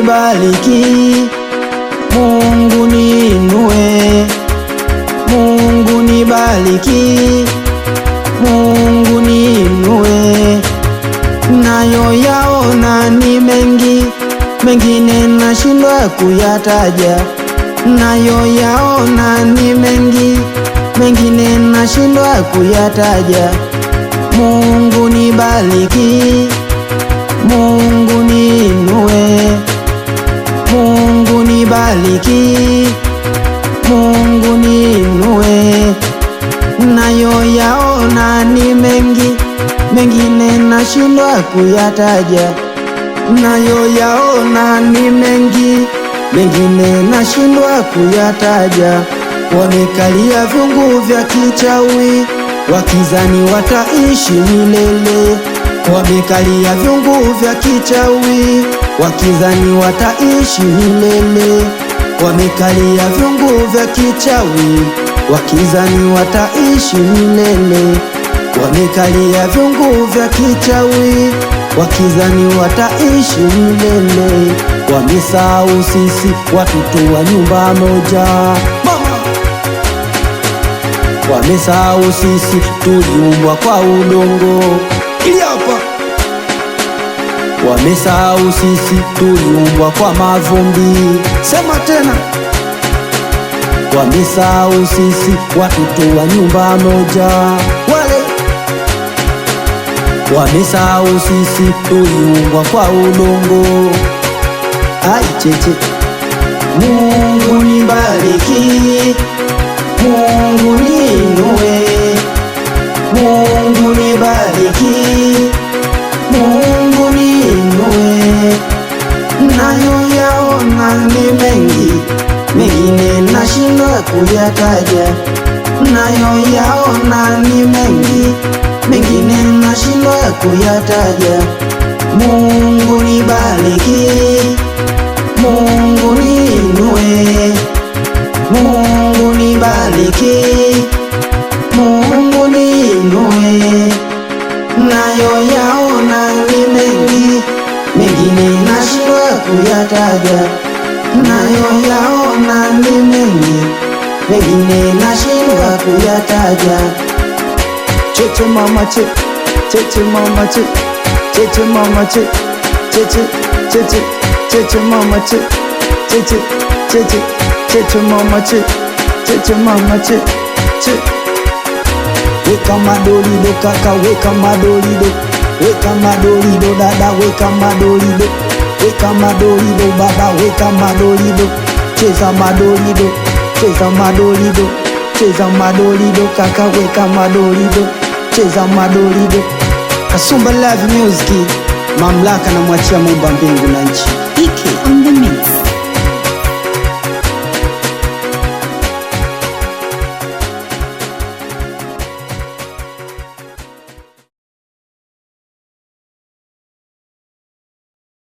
nibariki, Mungu niinue, Mungu nibariki, Mungu niinue. Nayoyaona ni mengi, mengine nashindwa kuyataja. Nayoyaona ni mengi, mengine nashindwa kuyataja. Mungu nibariki haki, Mungu niinue. yaona ni mengi, mengine nashindwa kuyataja. yaona ni mengi, mengine nashindwa kuyataja. Wamekalia vyungu vya kichawi, wakizani wataishi milele. Wamekalia vyungu vya kichawi wakizani wataishi milele wamekalia vyungu vya kichawi, wakizani wataishi milele. Wamekalia vyungu vya kichawi, wakizani wataishi milele. Wamesahau sisi watoto wa nyumba moja wamesahau sisi tuliumbwa kwa udongo. Ili hapa wamesahau sisi tuliumbwa kwa mavumbi. Sema tena, wamesahau sisi watoto wa nyumba moja wale, wamesahau sisi tuliumbwa kwa ulongo. Ai cheche, Mungu nibariki, Mungu niinue, Mungu nibariki ni mengi, mengine nashindwa kuyataja. Nayoyaona ni mengi, mengine nashindwa kuyataja. Mungu nibariki, Mungu niinue, Mungu nibariki, Mungu niinue. Nayoyaona ni mengi, mengine nashindwa kuyataja lao na nenenye wengine nashindwa kuyataja. Cheche mama che, cheche mama che, cheche mama che, cheche cheche cheche mama che, cheche cheche cheche mama che, cheche mama che, che. Weka madolido kaka, weka madolido, weka madolido dada, weka madolido weka madolido baba, weka madolido, cheza madolido, cheza madolido, cheza madolido kaka, weka madolido, cheza madolido. Kasumba Live Music, mamlaka namwachia Muumba mbingu na nchi.